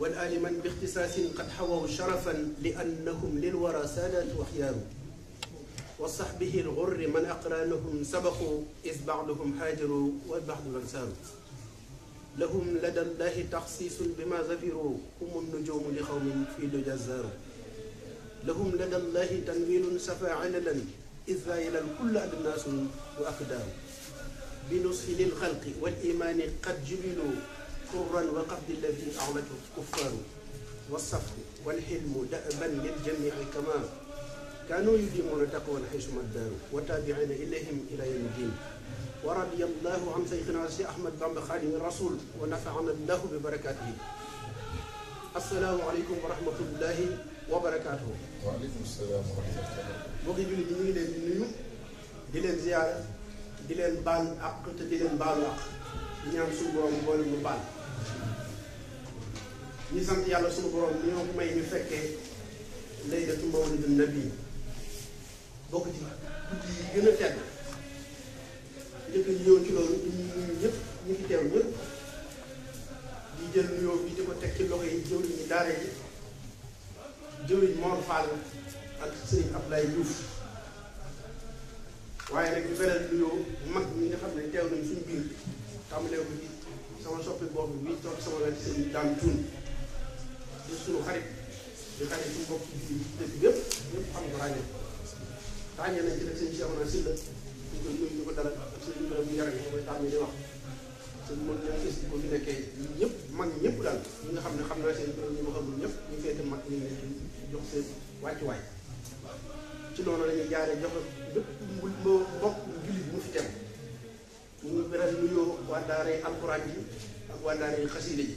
والآل من باختصاص قد حووا شرفا لأنهم للورى سادات وخيار والصحبه الغر من أقرانهم سبقوا إذ بعضهم هاجروا والبعض من ساروا لهم لدى الله تخصيص بما ظفروا هم النجوم لقوم في دجزار لهم لدى الله تنويل سفى عللا إذ ذايل الكل أدناس وأقدار بنصف للخلق والإيمان قد جبلوا كفرا وقبض الذين أعلته الكفار والصفح والحلم دأبا للجميع كما كانوا يديمون تقوى حيثما داروا وتابعين إليهم إلى يوم الدين ورضي الله عن سيدنا أحمد بن خادم الرسول ونفعنا الله ببركاته السلام عليكم ورحمة الله وبركاته وعليكم السلام ورحمة الله وبركاته jullit ñu نيو دي di زياره دي leen ziyaara اك دي baal ak te نيان سو بروم بول مو suñu ñu sant yàlla suñu borom li ñoo ñu fekkee laylatu mawlidin nabi bokk ci guddi yi gën a tedd njëkk ñu teg ci loxo yi jëwriñ ñi waaye nag ñu beral nuyoo mag nga xam ne teew nañ suñu biir tàmbalee ko ci sama soppi boobu bi toog sama wet Serigne Dame Thioune di sunu xarit di xarit suñu bopp ci dëkk yëpp xam nga ràññee ràññee nañ ci nag sëñ Cheikh Ouna Sylla ñu ko nuyu ñu fi nekkee ñëpp mag ñëpp daal ñi nga xam ne xam naa seen borom ñëpp ñu féete seen wàccuwaay ci loolu lañuy jaaree jox bépp mbokk jullit mu fi teew ñu ngi beral nuyoo waa daaray alxuraan yi ak waa daaray yi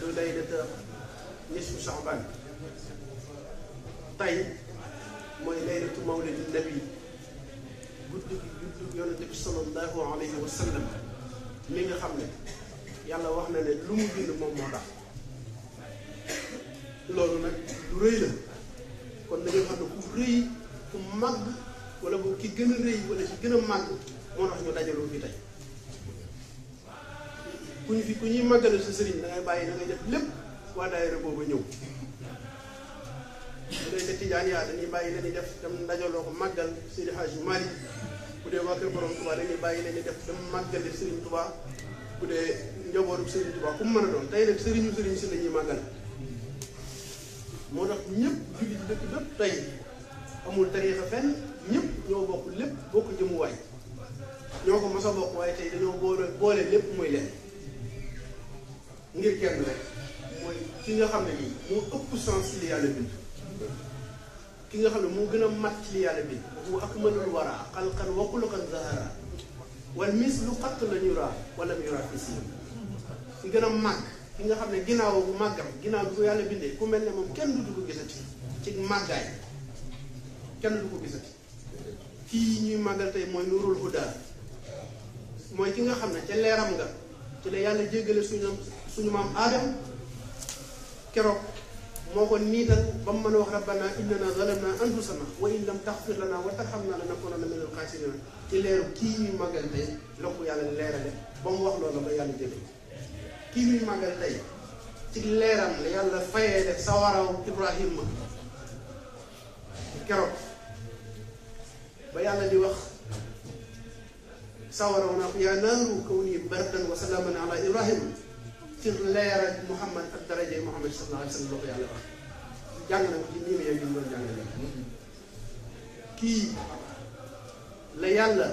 له ليلة نصف شعبان tey mooy laylatu mawlid nabi guddi gi juddu yonente bi salallahu alayhi wa sallam mi nga xam ne yàlla wax na ne lu mu bind moom moo tax loolu nag lu rëy la kon dañoo xam ne ku rëy ku màgg wala bu ki gën a rëy wala ki gën a màgg moo tax ñu dajaloo fi tey ku ñu fi ku ñuy màggalu si sëriñ da bàyyi da ngay def lépp waa daayira boobu ñëw bu dee ca tijaan yaa dañuy bàyyi la def dem ndajaloo ko màggal Seydi Hadji Malick bu dee waa kër borom Touba dañuy bàyyi la ñuy def dem màggali Serigne Touba bu dee njabootu Serigne Touba ku mu mën si la ñuy màggal moo tax ñëpp julli ci dëkk bépp amul tariixa fenn ñëpp ñoo bokk lépp bokk jëmuwaay ñoo ko mos a bokk waaye tey dañoo boole boole lépp muy leen. ngir kenn rek mooy ki nga xam ne nii moo ëpp sens li yàlla bind ki nga xam ne moo gën a mat ci li yàlla bind bu akmalul wara xalqan wa xuluqan zahara wal mis lu xatt la ñu raa wala mu raa fi si gën a màgg ki nga xam ne ginnaaw bu màggam ginnaaw bi ko yàlla bindee ku mel ne moom kenn du ko gisati ci màggaay kenn du ko gisati kii ñuy màggal tey mooy nurul ki nga xam ne ca leeram nga ci la yàlla jéggale suñu suñu maam aadam keroog moo ko niital ba mu mën a wax rabbana innana zalamna anfusana wa in lam taxfir lana wa tarxamna lanakunanna min alxaasirina ci leeru kii ñuy màggal tey la ko yàlla leerale ba mu wax loolu ba yàlla jële kii ñuy màggal tey ci leeram la yàlla fayee def sawaraw ibrahima keroog ba yàlla di wax sawaraw naa ko yaa naaru kawni bardan wa salaaman ala ibrahima ci leer yàlla wax jàng kii la yàlla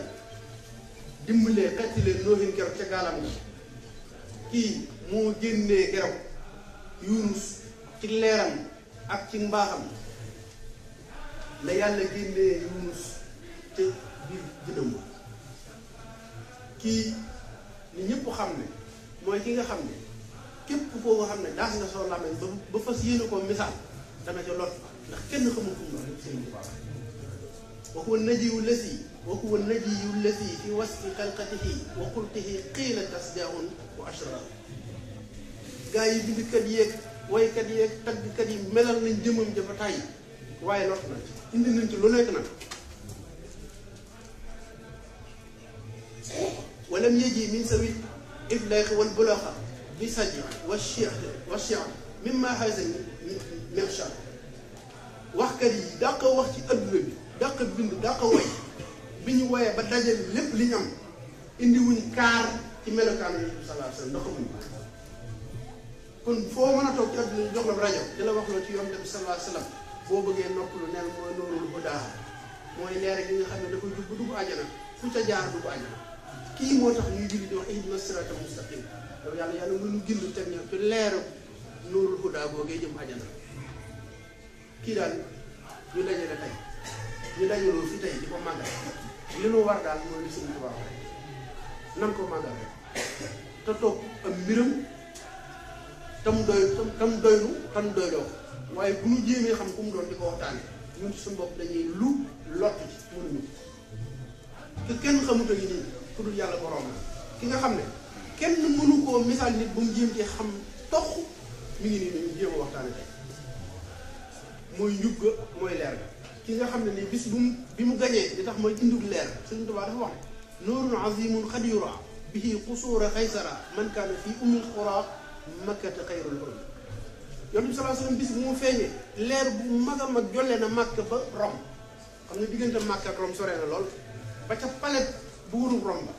dimbalee xetti leen noohin keroog ca gaalam nga kii moo génnee keroog Yunus ci leeram ak ci mbaaxam la yàlla génnee Yunus ca biir gëdëm kii ni ñëpp xam ne mooy ki nga xam ne كيف فوق هم نداش نصور لمن بفسيه نقوم مثال دم جلور لكن خم كم وهو النجي الذي وهو النجي الذي في وسط خلقته وقلته قيل تصدع وعشرة جاي بكديك واي كديك تد كدي ملل من جمم جبتاي واي لطنا إني ننتلونا كنا ولم يجي من سوي إلا إخوان بلاخا بسجع والشعر والشعر مما هزن مرشاد وحكري داق وقت أدرم داق بن داق وي بن وي بدجل لب لنم إني وين كار تملا كان صلى الله عليه وسلم نقوم كن فو ما نتوقع بن جمل برجع دل وقت لو تيوم دب صلى الله عليه وسلم بو بعير نقول نعم نور البدار مو ينير عن خدمة كل جبدو بعجنا كل جار بعجنا kii moo tax ñuy julli di wax ihdina siraatal mustaqim yow yàlla yàlla mënu gind teg ñoom ci leeru nuurul hudaa googee jëm àjjana kii daal ñu dajale tey ñu dajaloo fi ko màggal li nu tam doy tam doylu tam doyloo waaye bu ñu jéemee xam ku mu doon di ko waxtaane ñun ci dañuy lu lott ci mënuñu kenn xamut a ngi nii ku dul yàlla borom la ki nga xam ne kenn mënu koo misaal nit bu mu jéem ci xam tox mi ngi nii ñu jéem a waxtaane tey mooy njub ga mooy leer ga ki nga xam ne nii bis bu mu bi mu gañee li tax mooy indug leer Sëriñ Tuubaa dafa wax ne nuurun azimun xad bihi qusuura xaysara man kaana fii umil xuraa makkata xayrul um yonent bi salaa bis bu mu feeñee leer bu mag a mag jolle na màkk ba Rome xam nga diggante màkk ak Rome soree na lool ba ca palet buurub Rome ba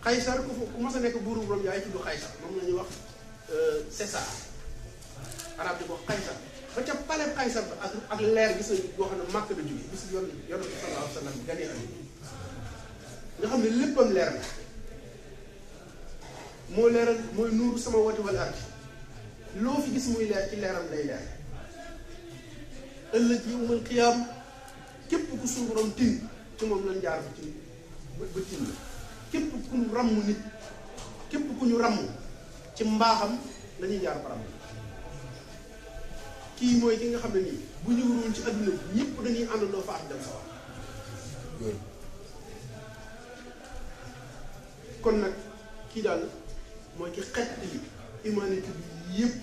Qaysar ku fa ku mas a nekk buurub Rome yaay tudd Qaysar moom la ñuy wax euh, César arab di ko wax ba ca palais Qaysar ba ak leer gis nañu boo xam ne màkk la jógee gis yoon yoon bi sallallahu alayhi wa sallam gane am xam ne léppam leeral mooy nuuru sama wati wala gis muy leer ci leeram lay leer ëllëg yi képp ku suñu borom tin ci moom lañ jaar ci ba ba tiim la képp ku ñu ràmm nit képp ku ñu ràmm ci mbaaxam lañuy jaar baram kii mooy ki nga xam ne nii bu ñu waroon ci adduna bi ñëpp dañuy àndandoo fa ak dem sawar kon nag kii daal mooy ki xet li humanité bi yëpp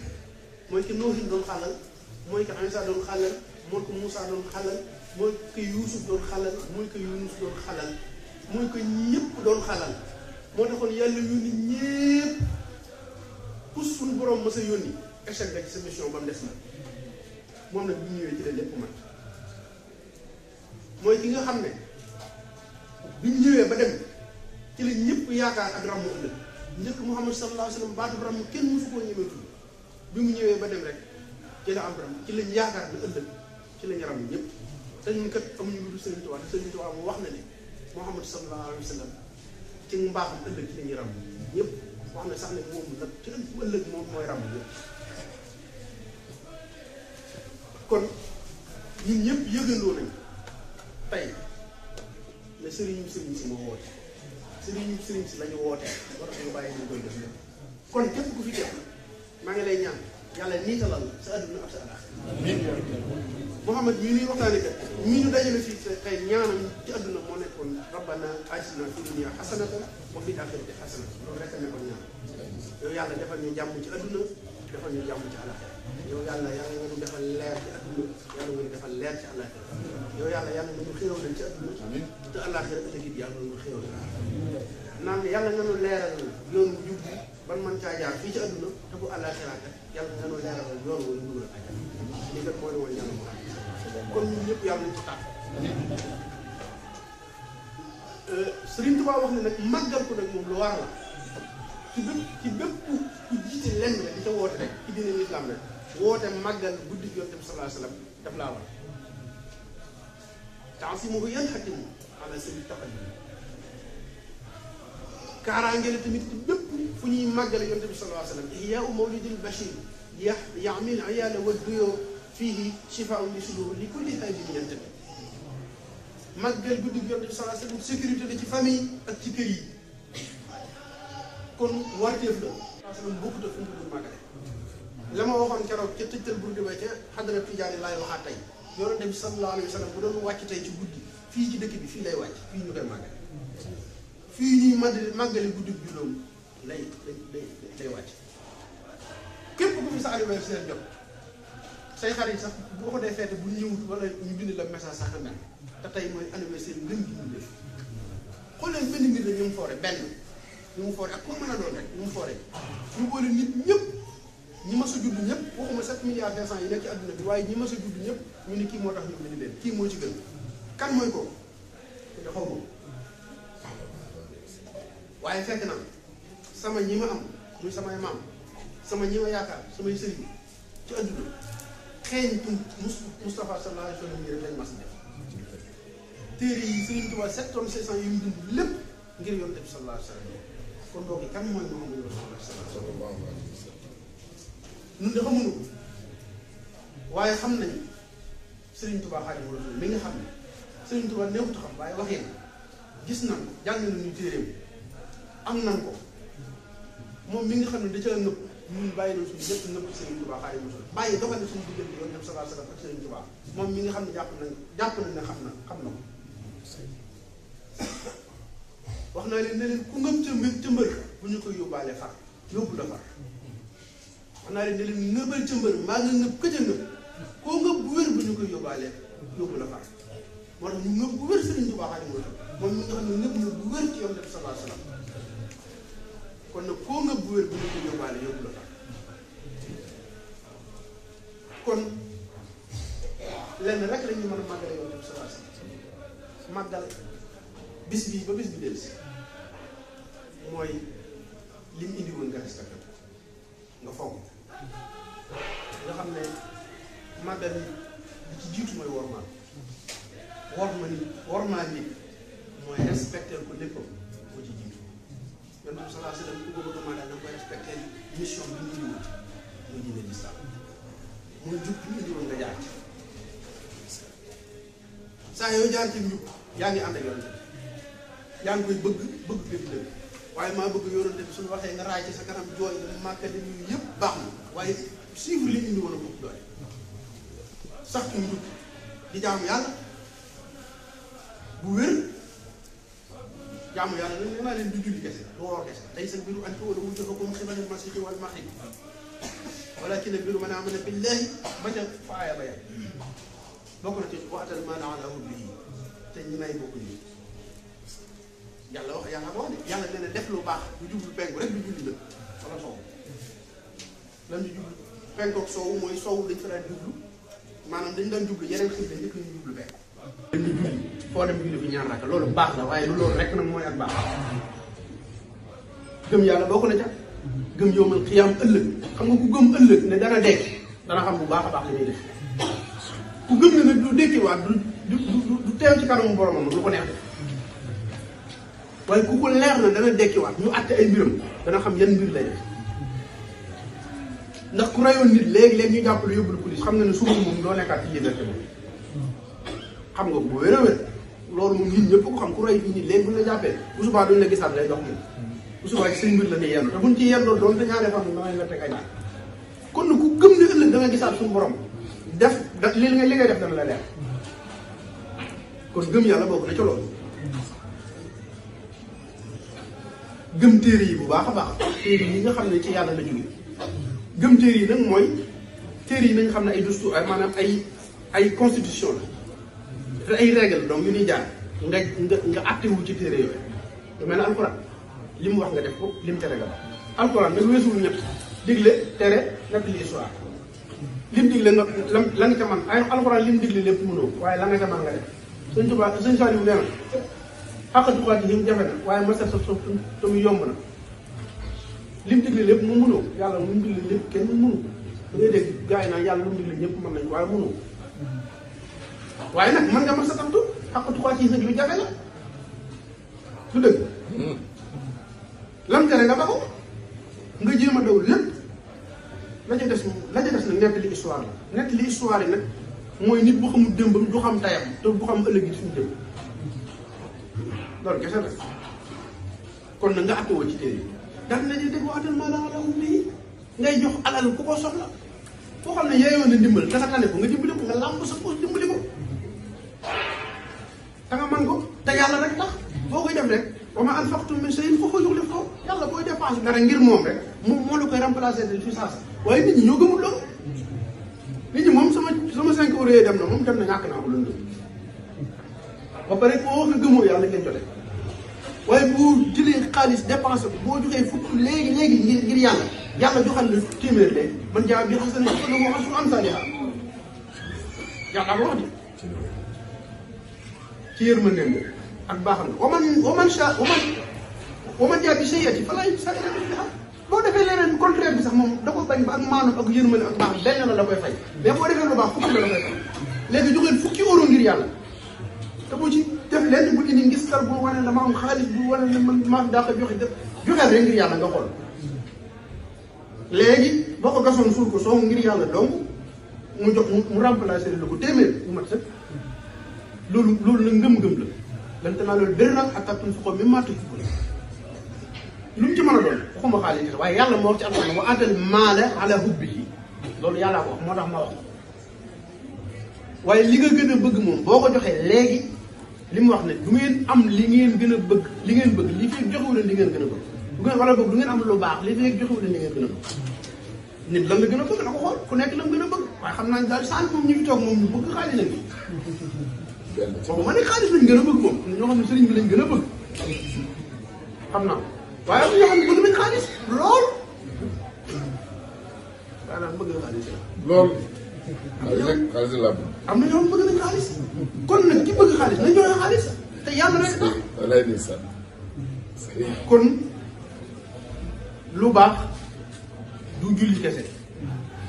mooy ki Noohin doon xàllal mooy ki Iisaa doon xàllal mooy ko Muusaa doon xàllal mooy ko Yuusuf doon xàllal mooy ko Yunus doon xàllal muy ko ñëpp doon xalaat moo taxoon yàlla yónni ñëpp ku suñu borom mës a yónni échec nga ci sa mission ba des na moom nag bu ñëwee ci la lépp mat mooy ki nga xam ne bi mu ñëwee ba dem ci la ñëpp yaakaar ak ràmmu ëllëg njëkk Muhammad sallallahu alayhi wa sallam baatu ràmm kenn mësu koo ñëwee tudd bi mu ñëwee ba dem rek ci la am ràmm ci lañ yaakaar ne ëllëg ci lañ ràmm ñëpp te ñun kat amuñu lu dul Sëriñ wax na ne. Muhammad sallallahu alayhi wa sallam ci mbaaxam ëllëg ci la ñuy ràmm ñëpp wax na sax ne moom la ci ëllëg moom mooy ràmm ñëpp kon ñun ñëpp yëgandoo nañ tey ne sëriñu sëriñ si moo woote sëriñu sëriñ si lañu woote war nañu kon képp ku fi teew maa ngi lay ñaan yàlla niitalal sa àdduna ak sa àllaaxira Mouhamad mii nuy waxtaane kat mii ñu dajale fii sa tey ñaanam ci àdduna moo nekkoon rabbana atina fi dunya xasanatan wa fil axirati xasanatan loolu rek a nekkoon ñaan yow yàlla defal ñu jàmm ci àdduna defal ñu jàmm ci àllaxira yow yàlla yàlla nga ñu defal leer ci àdduna yàlla nga ñu defal leer ci àllaxira yow yàlla yàlla nga ñu xéewal ci àdduna te àllaxira ëllëg it yàlla nga ñu xéewal naan yàlla nga ñu leeral yoon wu jub ban mën caa jaar fii ci àdduna te bu àllaxira kat yàlla nga ñu leeral yoon wu ñu dugal àjjana li kat moo ne woon yàlla kon ñun ñëpp yàlla nañu ci tànn. Euh, Serigne Touba wax ne nag màggal ko nag moom lu war la ci bépp ci bépp ku jiite lenn la di ca woote rek ci diine lislaam rek woote màggal guddi Yonent bi sallallahu alayhi wa sallam daf laa war ta'zimuhu yanhatimu ala sabil taqaddum kaaraange la tamit ci bépp fu ñuy màggale Yonent bi sallallahu alayhi wa sallam ihyaa'u mawlidil bashir yax yaamil iyaala wa duyoo فيه شفاء لصدور لكل حاجه من الدم مجال بدو يوم صلى الله عليه وسلم سكرت لك فمي التكري كون وارتي فلو سلم بوكو دفن بدو مجال لما وقعن كارو كتبت البرد بيكا حضر في جاني الله وحاتي يوم دم صلى الله عليه وسلم بدو نواكي تاي جبودي في جدك بي في لاي واجي في نوكي مجال في ني مجال بدو لك لاي لاي لاي واجي كيف بكم يسعي ويرسل لك. say xarit sax boo ko dee feete bu ñëwut wala ñu bind la message sax nga mel te tey mooy anniversaire ngeen bi ñu def xoolee benn mbir la ñu mu foore benn ñu mu foore ak ku mën a doon rek ñu mu foore ñu boole nit ñëpp ñi ma sa judd ñëpp waxuma 7 milliards 500 yi nekk ci àdduna bi waaye ñi ma sa judd ñëpp ñu ne kii moo tax ñu bind leen kii moo ci gën kan mooy ko te xaw ma waaye fekk na sama ñi ma am muy samay maam sama ñi ma yaakaar samay sëriñ ci àdduna xeeñtu Moustapha sallallahu alayhi wa sallam ngir dañ mas def téere yi Sëriñ Tuubaa sept mu dund lépp ngir yonent bi kon boobu kan mooy Muhammadu xam nañ Sëriñ Tuubaa Xaadimu mi nga xam ne Sëriñ Tuubaa neexut a xam waaye waxee na gis nañ ko jàng nañu téereem am nañ ko moom mi nga xam ne da ca ñun bàyyi nañ suñu lépp nëpp Serigne Touba xaari mosul bàyyi dem sabar sabar ak Serigne Touba moom mi nga xam ne jàpp nañ jàpp nañ ne xam na xam na wax na leen ne leen ku ngëm ca mbir bu ñu ko yóbbaale far yóbbu la far wax naa leen ne leen ngëbal ca mbër maa nga ngëb këj a ngëb koo ngëb bu wér bu ñu koy yóbbaale yóbbu la far moo tax ñu ngëb bu wér Serigne Touba xaari mosul moom mi nga xam ne ngëb na bu wér ci dem sabar sabar kon nag koo nga bu wér bu ñu ko yóbbaale yóbbu la tax kon lenn rek la ñuy mën a màggale yow tamit solar si màggal bii ba bis bi dellu si mooy li mu indi woon nga respecté nga fonk nga xam ne màggal yi li ci jiitu mooy wormaal worma nit wormaal nit mooy respecté ko léppam bi sallallahu alayhi wa sallam ku ko bëgg a màggal koy respecté mission bi ñu ñëw muy diine jub bi ñu ñëwoon nga jaar ci saa yoo jaar ci ngi ànd ak yonent bi bëgg bëgg bépp dëgg sa kanam jooy nga màkkali ñu yëpp baax na waaye suivre a bëgg yàlla bu wér. jaamu yàlla nag nee naa leen du julli kese du woor kese laysa al-birru an tuwallu wujuhakum qibala al-mashriqi wal maghribi walakin al-birru man amana billahi ba ca fa aaya ba yàgg bokk na ci waatal maala ala hubbihi te ñi may bokk nii yàlla wax yàlla wax ne yàlla nee na def lu baax du jublu penku rek du julli la wala soow lan du jublu penku ak soow mooy soow dañ fa daan jublu maanaam dañ daan jublu yeneen xëy na njëkk ñu jublu penku. foo dem julli fi ñaar rakk loolu baax la waaye lu loolu rek nag mooy ak baax gëm yàlla bokk na ca gëm yowmal xiyaam ëllëg xam nga ku gëm ëllëg ne dana dekk dana xam bu baax ku gëm ne nag du dekkiwaat du du du teew ci lu ko neex def waaye ku ko leer na dana ay mbiram dana xam yan mbir lay ndax ku rayoon nit léegi-léegi ñu jàppale xam nga ne suba moom doo nekkaat ci liberté moom xam nga bu wér a wér loolu moom nit ñëpp ko xam ku roy fii nii léegi buñ la jàppee bu subaa duñ la gisaat lay dox nii bu subaa ci seen mbir la ñuy yendu te buñ ci yendoo doon te ñaaree fan da kon nag ku gëm ne ëllëg da nga gisaat suñu borom def da li nga li ngay def dana la leer kon gëm yàlla bokk na ci gëm téere yi bu baax a baax téere yi nga xam ne ci yàlla la jógee gëm téere yi nag mooy téere yi nañ xam ne ay dustu ay maanaam ay ay constitution la te ay règle donc yu ñuy jàng nga nga nga àttewu ci téere yooyu lu mel ne alxuraan li mu wax nga def ko lim mu tere nga ba alxuraan nag weesuwul ñëpp digle tere nekk li histoire lim digle nga la nga ca ay alxuraan lim digle lépp mënoo waaye la nga ca man nga def sëñ Tuubaa sëñ Saaliw nee na xàq tubaab yi jafe na waaye ma sa sof te mu yomb na lim digle lépp mu mënoo yàlla lu mu digle lépp kenn mënu da ngay dégg gars yi naan yàlla lu digle ñëpp mën nañ waaye mënoo waaye nag mën nga ma sa tantu xaq trois ci sëñ bi jafe la du dëgg lam tere nga baxu nga jéem a daw la ca des la ca des nag nett li histoire la li histoire yi nag nit bu xamul démbam du xam tayam te bu xam ëllëg suñu démb kon ci dal ngay jox alal ku ko soxla na ko nga dimbali ko nga sa dimbali ko da nga mën ko te yàlla rek tax boo koy dem rek wa ma anfaqtum min shay'in fa huwa yukhlifuhu yàlla booy dépense dara ngir moom rek moom moo la koy remplacé ci saa sa waaye nit ñi ñoo gëmul loolu sama sama cinq euros yooyu dem na moom dem na ñàkk naa ba pare koo wax nga gëmoo yàlla boo jëlee xaalis dépense ko boo joxee fukk léegi léegi ngir ngir yàlla yàlla joxal la téeméer de man jaam bi xasana joxal la su am sa yàlla yàlla wax de ci yërmandeem bi ak baaxam ne waman waman sa waman waman jaa bi sayyi'atin falaa yujzaa illaa mislihaa boo defee leneen contraire bi sax moom da ko bañ ba ak maanam ak yërmande ak baax benn la la koy fay mais boo defee lu baax fukki la la koy fay léegi jógeen fukki euro ngir yàlla te bu ci def lenn bu indi ngis kal bu wane dama am xaalis bu wane ne man maa daa ko joxe def joxeel rek ngir yàlla nga xool léegi boo ko gasoon suul ko soo ngir yàlla dong mu jox mu remplacer la ko téeméer mu mat sax loolu loolu na ngëm-ngëm la te naa loolu dëri nag ak kattan su ko ci mën a doon waxuma waaye yàlla moo ci alxuraan wa atal maala ala hubbihi loolu yàllaa ko moo tax ma wax li nga gën a bëgg moom boo ko joxee léegi mu wax ne du ngeen am li ngeen gën a bëgg li ngeen bëgg li fekk joxewu leen li ngeen gën a bëgg du ngeen wala bëgg ngeen am lu baax li fekk joxewu leen gën a na ko xool ku nekk la nga gën a bëgg waaye xam naa ne daal sànq moom ñu toog moom ñu bëgg xaalis la ngi o ma ne xaalis lañ gën a bëgg moom ñoo xam ne sëriñ bi lañ gën a bëgg xam naa am ñoo xam ne bëgg nañ xaalis lool waaye naan bëgg na am na ñoo xam bëgg nañ xaalis kon nag ki bëgg xaalis na joxe xaalis te yàlla rek tax walaay ni sa kon lu baax du julli kese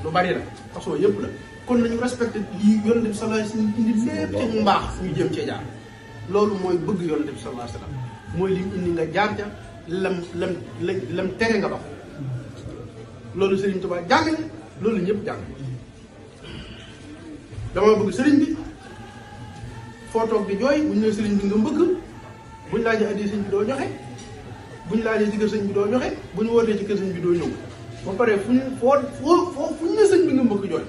lu bari la façon yëpp la kon nañu respecté lii yonent bi sallallahu alayhi wasallam indi lépp ci ñu jëm cee jaar loolu mooy bëgg yonent bi sallallahu alayhi wasallam mooy li mu indi nga jaar ca lam lam lam tere nga loolu Serigne Touba jàng na loolu ñëpp jàng dama bëgg Serigne bi foo toog di jooy buñ ne Serigne bi nga bëgg buñ laajee addi Serigne bi doo joxe buñ laajee ci kër Serigne bi doo joxe buñ wootee ci kër Serigne bi doo ñëw ba pare fu ñu foo foo foo fu ñu ne Serigne bi nga bëgg jooy.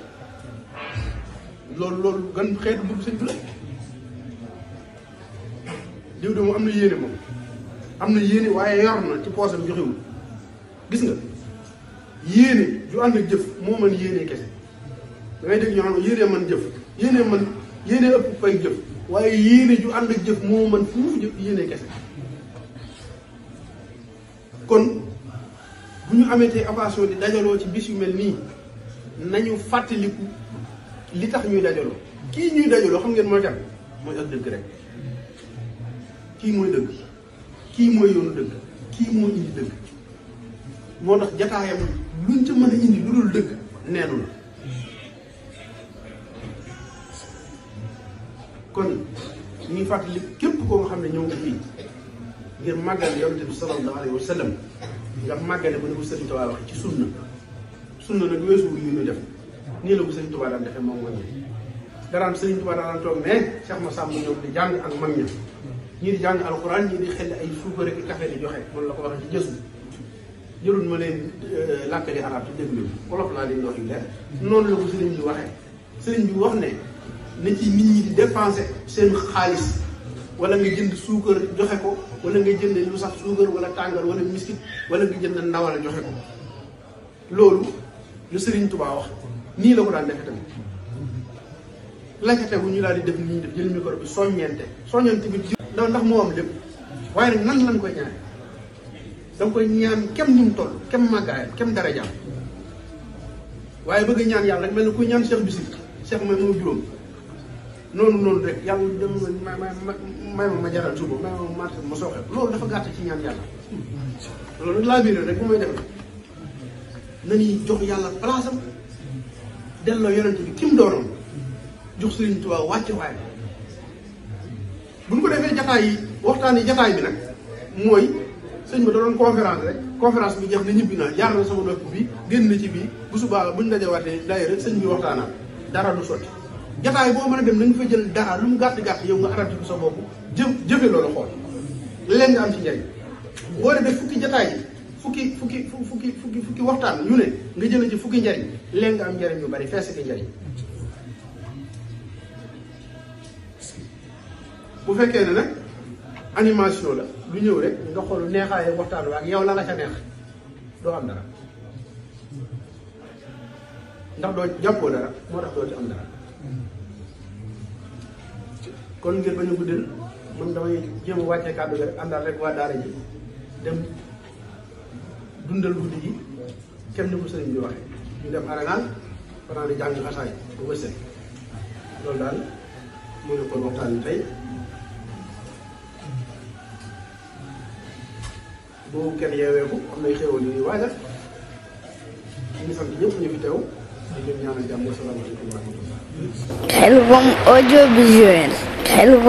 loolu loolu gan xeetu bëgg sëñ bi la diw de am na yéene moom am na yéene waaye yor na ci poosam joxewul gis nga yéene ju ànd ak jëf moo mën yéene kese da ngay dégg ñoo xam ne man jëf yéene man yéene ëpp fay jëf waaye yéene ju ànd ak jëf moo man fuuf jëf yéene kese kon bu ñu amee ametee avantion di dajaloo ci bis yu mel nii nañu fàttaliku li tax ñuy dajaloo kii ñuy dajaloo xam ngeen mooy tam mooy ak dëgg rek kii mooy dëgg kii mooy yoonu dëgg kii mooy indi dëgg moo tax jataayam luñ ca mën a indi lu dul dëgg neenu la kon ñuy fàttali képp koo nga xam ne ñëw nga fii ngir màggal yonent bi sallallahu alayhi wa nga màggale bu ne ko sëriñ Tuubaa wax ci sunna sunna nag weesu wu ñu ñu def nii la ko Serigne Touba daan defee moom mag ñi daraan Serigne Touba daan toog ne Cheikh Massamba ñoom di jàng ak mag ñi ñii di jàng alxuraan ñii di xel ay suukar ak café di joxe man la ko waxee ci jësu ma leen euh, làkkali arab ci déglu wolof laa leen wax yu leer noonu la ko sëriñ bi waxee bi wax ne na ci nit ñi di dépensé seen xaalis wala nga jënd suukar joxe ko wala nga jënd lu sax suukar wala tàngal wala miskit wala nga jënd ndawal joxe ko loolu lu sëriñ Tuubaa wax nii la ko daan defee tamit la ca ñu daal di def ni ñu def jël micro bi soññeente soññeente bi ndax ndax moo am lépp waaye nag nan lañ koy ñaan danga koy ñaan kem ñu mu toll kem màggaayam kem darajaam waaye bëgg ñaan yàlla rek mel na kuy ñaan Cheikh Bissir Cheikh mooy moo juróom noonu noonu rek yàlla dem ma ma ma may ma ma jaral suba may ma marché ma sooxe loolu dafa gàtt ci ñaan yàlla loolu laa biir rek bu may def nañuy jox yàlla place am delloo yonent bi kim doonoon jox Sëriñ Tuubaa wàcce waay bu ñu ko defee jataay yi waxtaan yi jataay bi nag mooy sëñ bi da doon conférence rek bi jeex na ñibbi naa jaar na sama bi génn na ci bii bu subaa buñ dajawaatee daye rek sëñ bi waxtaanaa dara du sotti jataay boo mën a dem na nga fa jël dara lu mu gàtt-gàtt yow nga arrêté ko sa bopp jë jëfe loolu xool leen nga am ci njëriñ boo dee def fukki jataay yi fukki fukki fukki fukki fukki waxtan ñu ne nga jël ci fukki njariñ léegi nga am njariñ yu bari fess ci njariñ bu fekke ne nak animation la lu ñew rek nga xol neexay waxtan wa ak yow la la ca neex do am dara ndax do jappo dara mo tax do ci am dara kon ngir bañu guddal man damay jéem a wàccee rek andal rek wa daara ji dem dundal guddi gi kenn ni ko sëriñ bi waxee ñu dem aranaan fanaan di jàng xasaay ba bës set loolu daal mu ne kon waxtaan bi tey boobu kenn yeeweeku am nay xéewal yu ñuy waajal ñu ngi sant ñëpp ñu fi teew di leen ñaanal jàmm salaamaaleykum wa rahmatullah